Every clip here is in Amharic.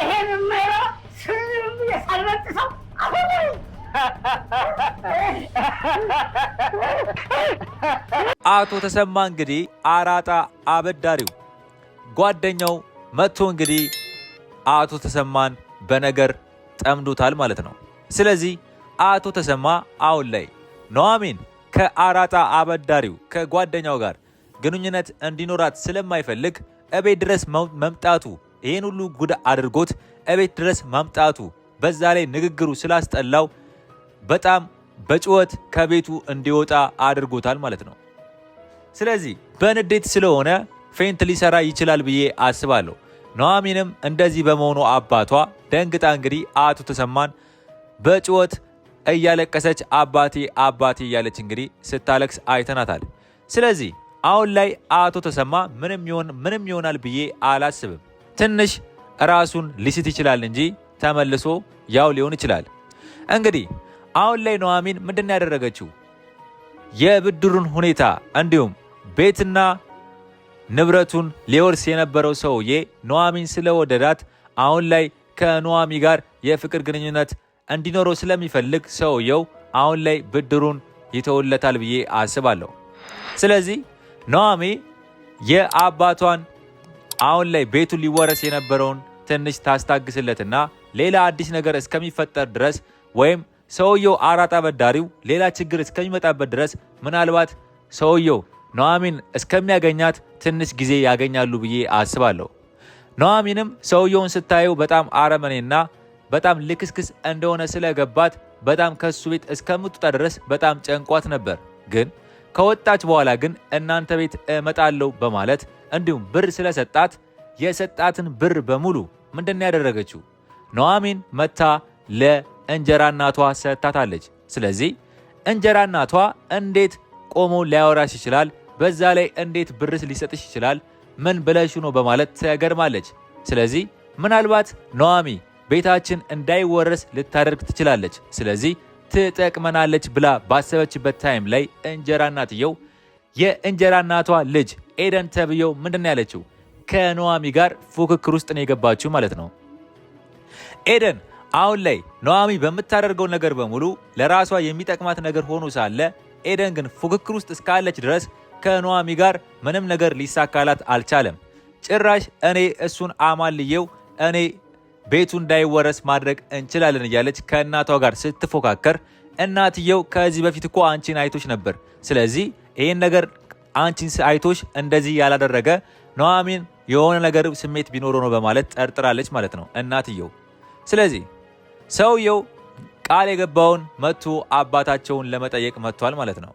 ይሄን አፈሩ አቶ ተሰማ እንግዲህ አራጣ አበዳሪው ጓደኛው መጥቶ እንግዲህ አቶ ተሰማን በነገር ጠምዶታል ማለት ነው። ስለዚህ አቶ ተሰማ አሁን ላይ ኑሐሚን ከአራጣ አበዳሪው ከጓደኛው ጋር ግንኙነት እንዲኖራት ስለማይፈልግ እቤት ድረስ መምጣቱ ይህን ሁሉ ጉድ አድርጎት እቤት ድረስ ማምጣቱ በዛ ላይ ንግግሩ ስላስጠላው በጣም በጩኸት ከቤቱ እንዲወጣ አድርጎታል ማለት ነው። ስለዚህ በንዴት ስለሆነ ፌንት ሊሰራ ይችላል ብዬ አስባለሁ። ኑሐሚንም እንደዚህ በመሆኑ አባቷ ደንግጣ እንግዲህ አቶ ተሰማን በጩኸት እያለቀሰች አባቴ አባቴ እያለች እንግዲህ ስታለቅስ አይተናታል። ስለዚህ አሁን ላይ አቶ ተሰማ ምንም ይሆን ምንም ይሆናል ብዬ አላስብም። ትንሽ ራሱን ሊስት ይችላል እንጂ ተመልሶ ያው ሊሆን ይችላል። እንግዲህ አሁን ላይ ኑሐሚን ምንድን ያደረገችው የብድሩን ሁኔታ እንዲሁም ቤትና ንብረቱን ሊወርስ የነበረው ሰውዬ ኑሐሚን ስለወደዳት አሁን ላይ ከኑሐሚ ጋር የፍቅር ግንኙነት እንዲኖረው ስለሚፈልግ ሰውየው አሁን ላይ ብድሩን ይተውለታል ብዬ አስባለሁ። ስለዚህ ኑሐሚ የአባቷን አሁን ላይ ቤቱን ሊወረስ የነበረውን ትንሽ ታስታግስለትና ሌላ አዲስ ነገር እስከሚፈጠር ድረስ ወይም ሰውየው አራጣ በዳሪው ሌላ ችግር እስከሚመጣበት ድረስ ምናልባት ሰውየው ኑሐሚን እስከሚያገኛት ትንሽ ጊዜ ያገኛሉ ብዬ አስባለሁ። ኑሐሚንም ሰውየውን ስታየው በጣም አረመኔና በጣም ልክስክስ እንደሆነ ስለገባት በጣም ከሱ ቤት እስከምትወጣ ድረስ በጣም ጨንቋት ነበር ግን ከወጣች በኋላ ግን እናንተ ቤት እመጣለሁ በማለት እንዲሁም ብር ስለሰጣት የሰጣትን ብር በሙሉ ምንድን ያደረገችው ኑሐሚን መታ ለእንጀራ እናቷ ሰጥታታለች። ስለዚህ እንጀራ እናቷ እንዴት ቆሞ ሊያወራሽ ይችላል? በዛ ላይ እንዴት ብርስ ሊሰጥሽ ይችላል? ምን ብለሽ ነው በማለት ተገርማለች። ስለዚህ ምናልባት ኑሐሚን ቤታችን እንዳይወረስ ልታደርግ ትችላለች። ስለዚህ ትጠቅመናለች ብላ ባሰበችበት ታይም ላይ እንጀራ እናትየው የእንጀራ እናቷ ልጅ ኤደን ተብየው ምንድን ነው ያለችው? ከኖዋሚ ጋር ፉክክር ውስጥ ነው የገባችው ማለት ነው። ኤደን አሁን ላይ ኖዋሚ በምታደርገው ነገር በሙሉ ለራሷ የሚጠቅማት ነገር ሆኖ ሳለ ኤደን ግን ፉክክር ውስጥ እስካለች ድረስ ከኖዋሚ ጋር ምንም ነገር ሊሳካላት አልቻለም። ጭራሽ እኔ እሱን አማልየው እኔ ቤቱ እንዳይወረስ ማድረግ እንችላለን እያለች ከእናቷ ጋር ስትፎካከር እናትየው ከዚህ በፊት እኮ አንቺን አይቶች ነበር፣ ስለዚህ ይህን ነገር አንቺን አይቶች እንደዚህ ያላደረገ ኑሐሚን የሆነ ነገር ስሜት ቢኖረ ነው በማለት ጠርጥራለች ማለት ነው እናትየው። ስለዚህ ሰውየው ቃል የገባውን መጥቶ አባታቸውን ለመጠየቅ መጥቷል ማለት ነው።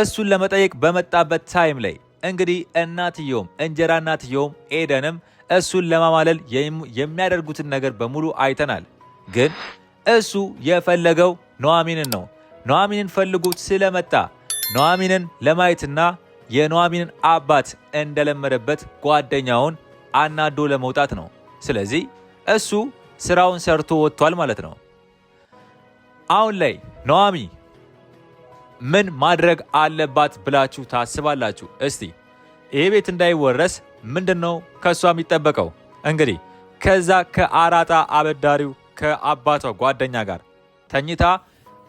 እሱን ለመጠየቅ በመጣበት ታይም ላይ እንግዲህ እናትየውም እንጀራ እናትየውም ኤደንም እሱን ለማማለል የሚያደርጉትን ነገር በሙሉ አይተናል። ግን እሱ የፈለገው ኑሐሚንን ነው። ኑሐሚንን ፈልጉት ስለመጣ ኑሐሚንን ለማየትና የኑሐሚንን አባት እንደለመደበት ጓደኛውን አናዶ ለመውጣት ነው። ስለዚህ እሱ ስራውን ሰርቶ ወጥቷል ማለት ነው። አሁን ላይ ኑሐሚ ምን ማድረግ አለባት ብላችሁ ታስባላችሁ? እስቲ ይህ ቤት እንዳይወረስ ምንድን ነው ከእሷ የሚጠበቀው? እንግዲህ ከዛ ከአራጣ አበዳሪው ከአባቷ ጓደኛ ጋር ተኝታ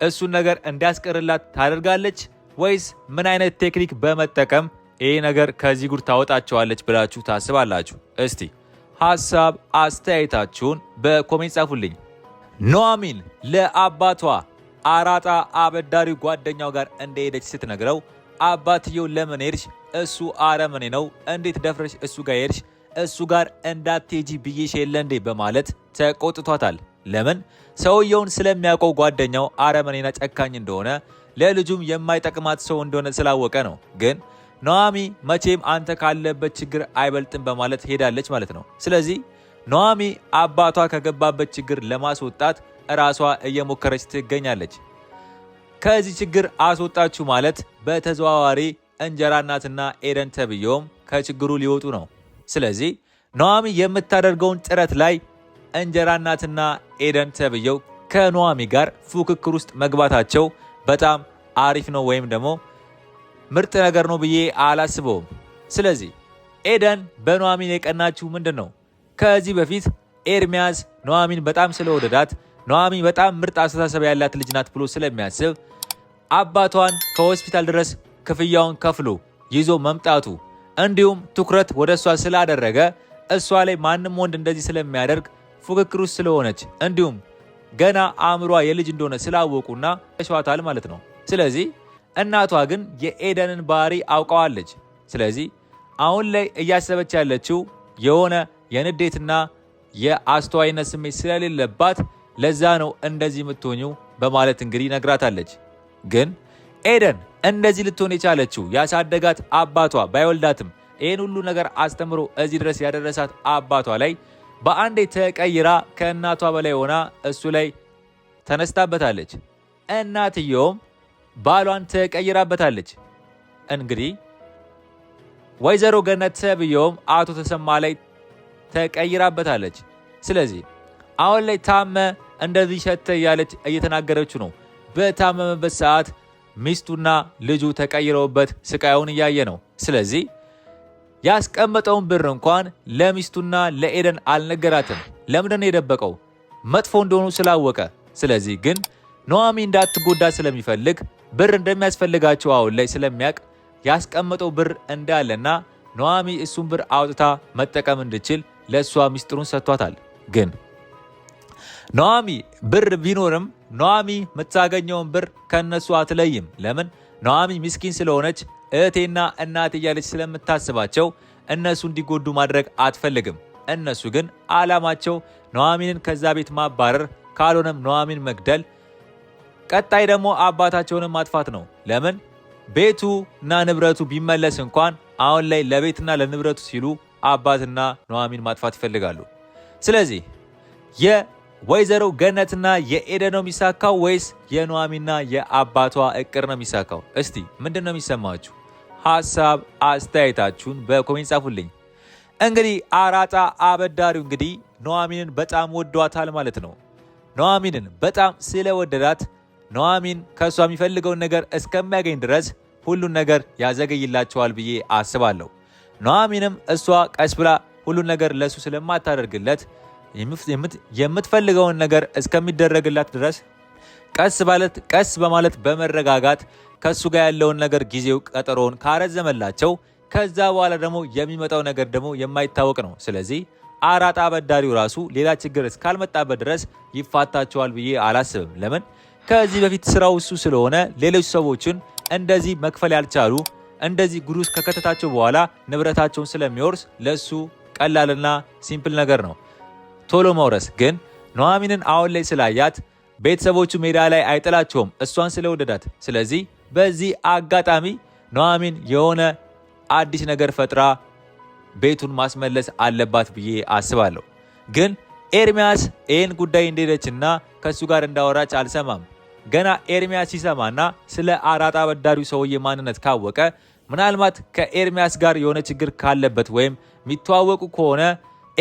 እሱን ነገር እንዲያስቀርላት ታደርጋለች ወይስ ምን አይነት ቴክኒክ በመጠቀም ይህ ነገር ከዚህ ጉድ ታወጣቸዋለች ብላችሁ ታስባላችሁ? እስቲ ሀሳብ አስተያየታችሁን በኮሜንት ጻፉልኝ። ኑሐሚን ለአባቷ አራጣ አበዳሪው ጓደኛው ጋር እንደሄደች ስትነግረው አባትየው ለምን ሄድሽ እሱ አረመኔ ነው፣ እንዴት ደፍረሽ እሱ ጋር ሄድሽ? እሱ ጋር እንዳትሄጂ ብዬሽ የለ እንዴ? በማለት ተቆጥቷታል። ለምን ሰውየውን ስለሚያውቀው ጓደኛው አረመኔና ጨካኝ እንደሆነ ለልጁም የማይጠቅማት ሰው እንደሆነ ስላወቀ ነው። ግን ኖዋሚ መቼም አንተ ካለበት ችግር አይበልጥም በማለት ሄዳለች ማለት ነው። ስለዚህ ኖአሚ አባቷ ከገባበት ችግር ለማስወጣት እራሷ እየሞከረች ትገኛለች። ከዚህ ችግር አስወጣችሁ ማለት በተዘዋዋሪ እንጀራ እናትና ኤደን ተብዮም ከችግሩ ሊወጡ ነው። ስለዚህ ኑሃሚ የምታደርገውን ጥረት ላይ እንጀራ እናትና ኤደን ተብየው ከኖዋሚ ጋር ፉክክር ውስጥ መግባታቸው በጣም አሪፍ ነው ወይም ደግሞ ምርጥ ነገር ነው ብዬ አላስበውም። ስለዚህ ኤደን በኑሃሚን የቀናችሁ ምንድን ነው? ከዚህ በፊት ኤርሚያስ ኑሃሚን በጣም ስለወደዳት ኑሃሚ በጣም ምርጥ አስተሳሰብ ያላት ልጅ ናት ብሎ ስለሚያስብ አባቷን ከሆስፒታል ድረስ ክፍያውን ከፍሎ ይዞ መምጣቱ እንዲሁም ትኩረት ወደ እሷ ስላደረገ እሷ ላይ ማንም ወንድ እንደዚህ ስለሚያደርግ ፉክክር ውስጥ ስለሆነች እንዲሁም ገና አእምሯ የልጅ እንደሆነ ስላወቁና ተሸዋታል ማለት ነው። ስለዚህ እናቷ ግን የኤደንን ባህሪ አውቀዋለች። ስለዚህ አሁን ላይ እያሰበች ያለችው የሆነ የንዴትና የአስተዋይነት ስሜት ስለሌለባት ለዛ ነው እንደዚህ የምትሆኙ በማለት እንግዲህ ነግራታለች ግን ኤደን እንደዚህ ልትሆን የቻለችው ያሳደጋት አባቷ ባይወልዳትም ይህን ሁሉ ነገር አስተምሮ እዚህ ድረስ ያደረሳት አባቷ ላይ በአንዴ ተቀይራ ከእናቷ በላይ ሆና እሱ ላይ ተነስታበታለች። እናትየውም ባሏን ተቀይራበታለች። እንግዲህ ወይዘሮ ገነት ሰብየውም አቶ ተሰማ ላይ ተቀይራበታለች። ስለዚህ አሁን ላይ ታመ እንደዚህ ሸተ እያለች እየተናገረችው ነው። በታመመበት ሰዓት ሚስቱና ልጁ ተቀይረውበት ስቃዩን እያየ ነው። ስለዚህ ያስቀመጠውን ብር እንኳን ለሚስቱና ለኤደን አልነገራትም። ለምንድን የደበቀው? መጥፎ እንደሆኑ ስላወቀ። ስለዚህ ግን ነዋሚ እንዳትጎዳ ስለሚፈልግ ብር እንደሚያስፈልጋቸው አሁን ላይ ስለሚያውቅ ያስቀመጠው ብር እንዳለና ነዋሚ እሱን ብር አውጥታ መጠቀም እንድችል ለእሷ ሚስጥሩን ሰጥቷታል። ግን ነዋሚ ብር ቢኖርም ኑዓሚ የምታገኘውን ብር ከእነሱ አትለይም። ለምን? ኑዓሚ ምስኪን ስለሆነች እህቴና እናቴ እያለች ስለምታስባቸው እነሱ እንዲጎዱ ማድረግ አትፈልግም። እነሱ ግን አላማቸው ኑዓሚንን ከዛ ቤት ማባረር፣ ካልሆነም ነዋሚን መግደል፣ ቀጣይ ደግሞ አባታቸውንም ማጥፋት ነው። ለምን? ቤቱና ንብረቱ ቢመለስ እንኳን አሁን ላይ ለቤትና ለንብረቱ ሲሉ አባትና ኑዓሚን ማጥፋት ይፈልጋሉ። ስለዚህ ወይዘሮ ገነትና የኤደን ነው የሚሳካው ወይስ የኑሐሚንና የአባቷ እቅር ነው የሚሳካው? እስቲ ምንድን ነው የሚሰማችሁ? ሀሳብ አስተያየታችሁን በኮሜንት ጻፉልኝ። እንግዲህ አራጣ አበዳሪው እንግዲህ ኑሐሚንን በጣም ወዷታል ማለት ነው። ኑሐሚንን በጣም ስለወደዳት ኑሐሚን ከእሷ የሚፈልገውን ነገር እስከሚያገኝ ድረስ ሁሉን ነገር ያዘገይላቸዋል ብዬ አስባለሁ። ኑሐሚንም እሷ ቀስ ብላ ሁሉን ነገር ለእሱ ስለማታደርግለት የምትፈልገውን ነገር እስከሚደረግላት ድረስ ቀስ ባለት ቀስ በማለት በመረጋጋት ከሱ ጋር ያለውን ነገር ጊዜው ቀጠሮውን ካረዘመላቸው ከዛ በኋላ ደግሞ የሚመጣው ነገር ደግሞ የማይታወቅ ነው። ስለዚህ አራጣ አበዳሪው ራሱ ሌላ ችግር እስካልመጣበት ድረስ ይፋታቸዋል ብዬ አላስብም። ለምን ከዚህ በፊት ስራው እሱ ስለሆነ ሌሎች ሰዎችን እንደዚህ መክፈል ያልቻሉ እንደዚህ ጉዱስ ከከተታቸው በኋላ ንብረታቸውን ስለሚወርስ ለእሱ ቀላልና ሲምፕል ነገር ነው። ቶሎ መውረስ ግን ኑሐሚንን አሁን ላይ ስላያት ቤተሰቦቹ ሜዳ ላይ አይጥላቸውም እሷን ስለወደዳት። ስለዚህ በዚህ አጋጣሚ ኑሐሚን የሆነ አዲስ ነገር ፈጥራ ቤቱን ማስመለስ አለባት ብዬ አስባለሁ። ግን ኤርሚያስ ይህን ጉዳይ እንደሄደችና ከእሱ ጋር እንዳወራች አልሰማም። ገና ኤርሚያስ ሲሰማና ስለ አራጣ በዳሪ ሰውዬ ማንነት ካወቀ ምናልባት ከኤርሚያስ ጋር የሆነ ችግር ካለበት ወይም የሚተዋወቁ ከሆነ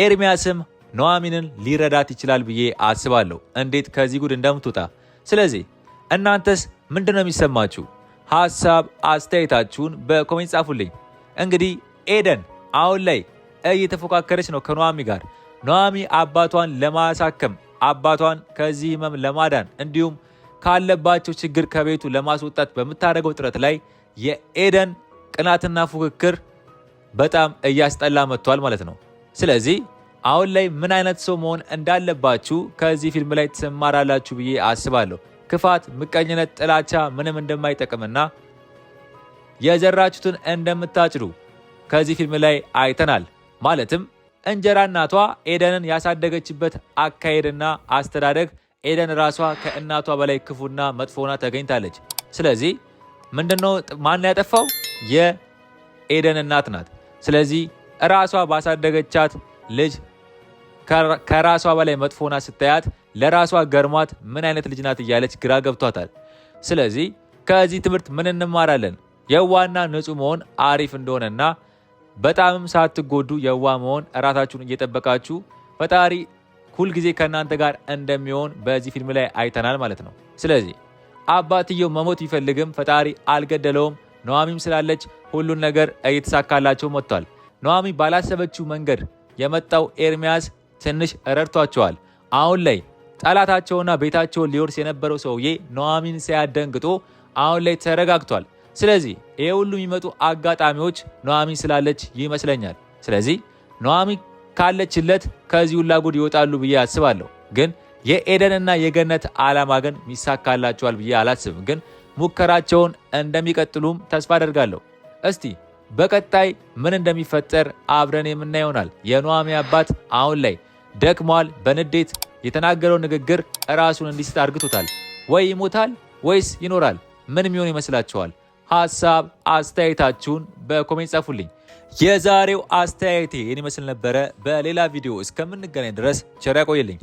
ኤርሚያስም ኑሐሚንን ሊረዳት ይችላል ብዬ አስባለሁ፣ እንዴት ከዚህ ጉድ እንደምትወጣ። ስለዚህ እናንተስ ምንድን ነው የሚሰማችሁ? ሀሳብ አስተያየታችሁን በኮሜንት ጻፉልኝ። እንግዲህ ኤደን አሁን ላይ እየተፎካከረች ነው ከኑሐሚ ጋር። ኑሐሚ አባቷን ለማሳከም አባቷን ከዚህ ህመም ለማዳን እንዲሁም ካለባቸው ችግር ከቤቱ ለማስወጣት በምታደርገው ጥረት ላይ የኤደን ቅናትና ፉክክር በጣም እያስጠላ መጥቷል ማለት ነው። ስለዚህ አሁን ላይ ምን አይነት ሰው መሆን እንዳለባችሁ ከዚህ ፊልም ላይ ትማራላችሁ ብዬ አስባለሁ። ክፋት፣ ምቀኝነት፣ ጥላቻ ምንም እንደማይጠቅምና የዘራችሁትን እንደምታጭዱ ከዚህ ፊልም ላይ አይተናል። ማለትም እንጀራ እናቷ ኤደንን ያሳደገችበት አካሄድና አስተዳደግ ኤደን ራሷ ከእናቷ በላይ ክፉና መጥፎና ተገኝታለች። ስለዚህ ምንድነው ማን ያጠፋው? የኤደን እናት ናት። ስለዚህ ራሷ ባሳደገቻት ልጅ ከራሷ በላይ መጥፎና ስታያት ለራሷ ገርሟት ምን አይነት ልጅ ናት እያለች ግራ ገብቷታል። ስለዚህ ከዚህ ትምህርት ምን እንማራለን? የዋና ንጹህ መሆን አሪፍ እንደሆነና በጣምም ሳትጎዱ የዋ መሆን እራሳችሁን እየጠበቃችሁ ፈጣሪ ሁልጊዜ ከእናንተ ጋር እንደሚሆን በዚህ ፊልም ላይ አይተናል ማለት ነው። ስለዚህ አባትየው መሞት ቢፈልግም ፈጣሪ አልገደለውም። ነዋሚም ስላለች ሁሉን ነገር እየተሳካላቸው መጥቷል። ነዋሚ ባላሰበችው መንገድ የመጣው ኤርሚያስ ትንሽ ረድቷቸዋል። አሁን ላይ ጠላታቸውና ቤታቸውን ሊወርስ የነበረው ሰውዬ ኑሐሚን ሲያደንግጦ አሁን ላይ ተረጋግቷል። ስለዚህ ይህ ሁሉ የሚመጡ አጋጣሚዎች ኑሐሚን ስላለች ይመስለኛል። ስለዚህ ኑሐሚን ካለችለት ከዚህ ሁላ ጉድ ይወጣሉ ብዬ አስባለሁ። ግን የኤደንና የገነት ዓላማ ግን ሚሳካላቸዋል ብዬ አላስብም። ግን ሙከራቸውን እንደሚቀጥሉም ተስፋ አደርጋለሁ። እስቲ በቀጣይ ምን እንደሚፈጠር አብረን የምናይ ይሆናል። የኑሃሚ አባት አሁን ላይ ደክሟል። በንዴት የተናገረው ንግግር ራሱን እንዲስት አርግቶታል። ወይ ይሞታል ወይስ ይኖራል? ምን የሚሆን ይመስላችኋል? ሀሳብ አስተያየታችሁን በኮሜንት ጻፉልኝ። የዛሬው አስተያየቴ ይህን ይመስል ነበረ። በሌላ ቪዲዮ እስከምንገናኝ ድረስ ቸር ያቆየልኝ።